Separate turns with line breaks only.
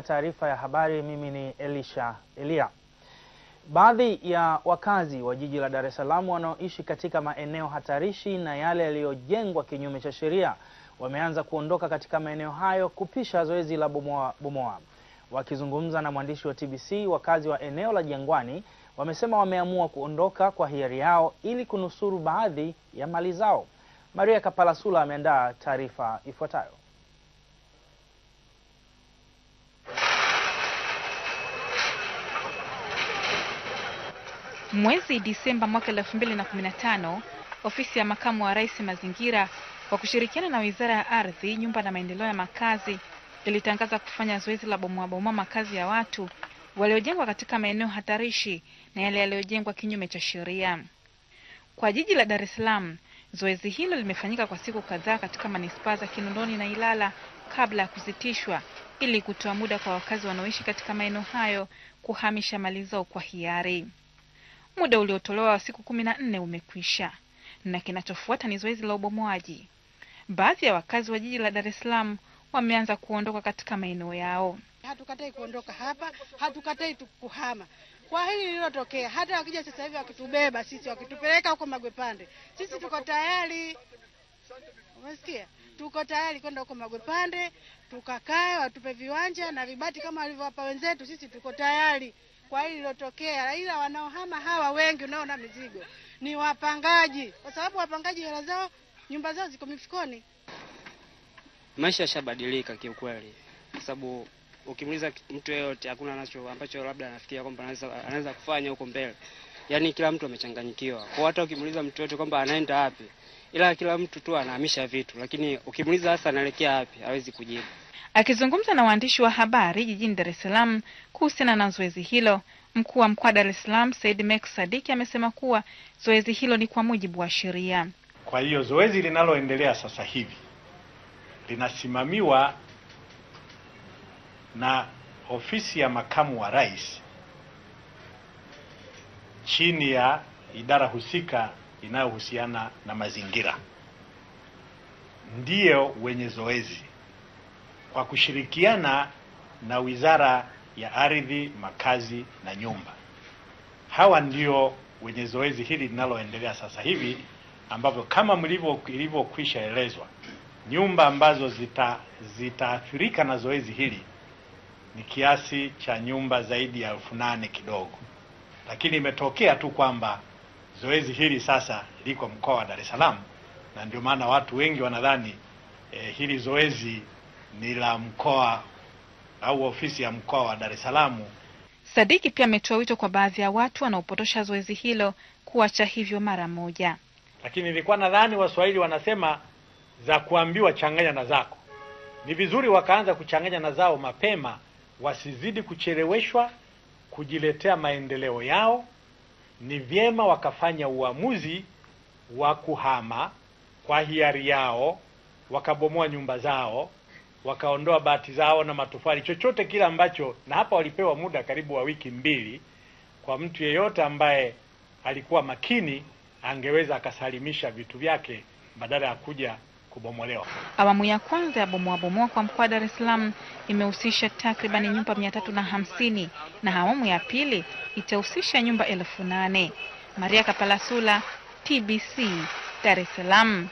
Taarifa ya habari. Mimi ni Elisha Elia. Baadhi ya wakazi wa jiji la Dar es Salaam wanaoishi katika maeneo hatarishi na yale yaliyojengwa kinyume cha sheria wameanza kuondoka katika maeneo hayo kupisha zoezi la bomoa bomoa. Wakizungumza na mwandishi wa TBC, wakazi wa eneo la Jangwani wamesema wameamua kuondoka kwa hiari yao ili kunusuru baadhi ya mali zao. Maria Kapalasula ameandaa taarifa ifuatayo.
Mwezi Disemba mwaka 2015, ofisi ya makamu wa rais mazingira kwa kushirikiana na wizara ya ardhi, nyumba na maendeleo ya makazi ilitangaza kufanya zoezi la bomoabomoa makazi ya watu waliojengwa katika maeneo hatarishi na yale yaliyojengwa kinyume cha sheria. Kwa jiji la Dar es Salaam, zoezi hilo limefanyika kwa siku kadhaa katika manispaa za Kinondoni na Ilala kabla ya kusitishwa ili kutoa muda kwa wakazi wanaoishi katika maeneo hayo kuhamisha mali zao kwa hiari. Muda uliotolewa wa siku kumi na nne umekwisha na kinachofuata ni zoezi la ubomoaji. Baadhi ya wakazi wa jiji la Dar es Salaam wameanza kuondoka katika maeneo yao.
Hatukatai kuondoka hapa, hatukatai kuhama kwa hili lililotokea. Hata wakija sasa hivi wakitubeba sisi, wakitupeleka huko Magwepande, sisi tuko tayari. Umesikia? Tuko tayari kwenda huko Magwepande tukakae, watupe viwanja na vibati kama walivyowapa wenzetu. Sisi tuko tayari kwa hili lilotokea, ila wanaohama hawa wengi unaona mizigo ni wapangaji, kwa sababu wapangaji hela zao, nyumba zao ziko mifukoni.
Maisha yashabadilika kiukweli, kwa sababu ukimuuliza mtu yeyote hakuna nacho ambacho labda anafikiria kwamba anaweza, anaweza kufanya huko mbele. Yaani kila mtu amechanganyikiwa, kwa hata ukimuuliza mtu yote kwamba anaenda wapi ila kila mtu tu anahamisha vitu, lakini ukimuuliza hasa anaelekea wapi hawezi kujibu.
Akizungumza na waandishi wa habari jijini Dar es Salaam kuhusiana na zoezi hilo, mkuu wa mkoa Dar es Salaam Said Mek Sadiki amesema kuwa zoezi hilo ni kwa mujibu wa sheria.
Kwa hiyo zoezi linaloendelea sasa hivi linasimamiwa na ofisi ya makamu wa rais chini ya idara husika inayohusiana na mazingira ndiyo wenye zoezi kwa kushirikiana na Wizara ya Ardhi, Makazi na Nyumba. Hawa ndio wenye zoezi hili linaloendelea sasa hivi, ambavyo kama mlivyokwisha elezwa, nyumba ambazo zita zitaathirika na zoezi hili ni kiasi cha nyumba zaidi ya elfu nane kidogo, lakini imetokea tu kwamba Zoezi hili sasa liko mkoa wa Dar es Salaam, na ndio maana watu wengi wanadhani eh, hili zoezi ni la mkoa au ofisi ya mkoa wa Dar es Salaam.
Sadiki pia ametoa wito kwa baadhi ya watu wanaopotosha zoezi hilo kuacha hivyo mara moja.
Lakini nilikuwa nadhani Waswahili wanasema za kuambiwa changanya na zako, ni vizuri wakaanza kuchanganya na zao mapema, wasizidi kucheleweshwa kujiletea maendeleo yao ni vyema wakafanya uamuzi wa kuhama kwa hiari yao, wakabomoa nyumba zao, wakaondoa bati zao na matofali, chochote kile ambacho. Na hapa walipewa muda karibu wa wiki mbili, kwa mtu yeyote ambaye alikuwa makini angeweza akasalimisha vitu vyake badala ya kuja kubomolewa.
Awamu ya kwanza ya bomoabomoa kwa mkoa wa Dar es Salaam imehusisha takribani nyumba mia tatu na hamsini na awamu ya pili itahusisha nyumba elfu nane. Maria Kapalasula, TBC, Dar es Salaam.